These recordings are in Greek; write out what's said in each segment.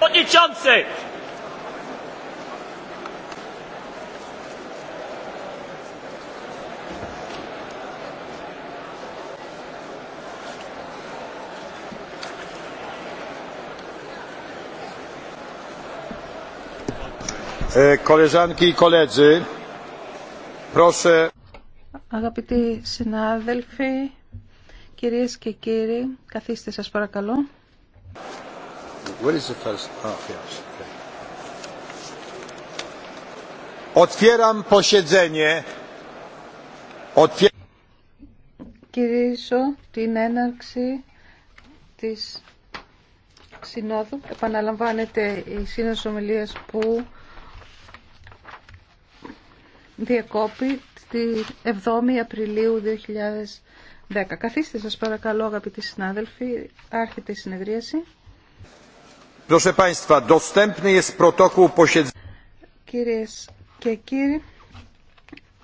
przewodniczący! E, koleżanki i koledzy, proszę. Αγαπητοί συνάδελφοι, κυρίες και κύριοι, καθίστε σας παρακαλώ. Where ah, Κυρίσω την έναρξη της Συνόδου. Επαναλαμβάνεται η Σύνοδος Ομιλίας που διακόπη τη 7η Απριλίου 2010. Καθίστε σας παρακαλώ αγαπητοί συνάδελφοι, άρχεται η συνεδρίαση. Proszę Κυρίες και κύριοι,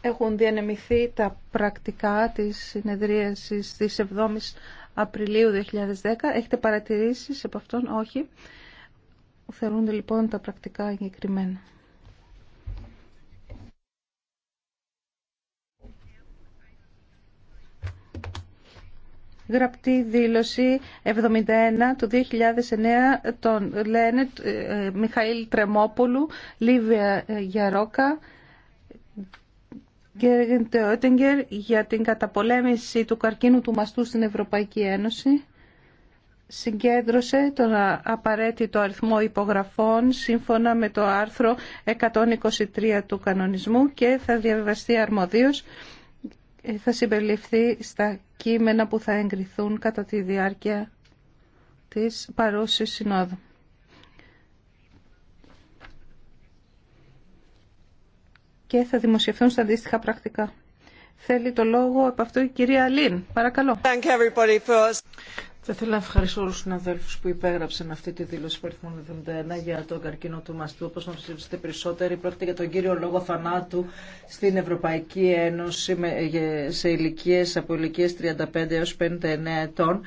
έχουν διανεμηθεί τα πρακτικά της συνεδρίασης της 7 η Απριλίου 2010. Έχετε παρατηρήσει από αυτόν, όχι. Θεωρούνται λοιπόν τα πρακτικά εγκεκριμένα. γραπτή δήλωση 71 του 2009 τον λένε ε, Μιχαήλ Τρεμόπουλου, Λίβια Γιαρόκα και Τεότεγκερ για την καταπολέμηση του καρκίνου του μαστού στην Ευρωπαϊκή Ένωση συγκέντρωσε τον απαραίτητο αριθμό υπογραφών σύμφωνα με το άρθρο 123 του κανονισμού και θα διαβεβαστεί αρμοδίως ε, θα συμπεριληφθεί στα κείμενα που θα εγκριθούν κατά τη διάρκεια της παρούσης συνόδου. Και θα δημοσιευθούν στα αντίστοιχα πρακτικά. Θέλει το λόγο από αυτό η κυρία Λίν. Παρακαλώ. Θα ήθελα να ευχαριστώ όλου του συναδέλφου που υπέγραψαν αυτή τη δήλωση που 71 για τον καρκίνο του μαστού. Όπω να ψηφίσετε περισσότεροι, πρόκειται για τον κύριο λόγο θανάτου στην Ευρωπαϊκή Ένωση σε ηλικίε από ηλικίε 35 έω 59 ετών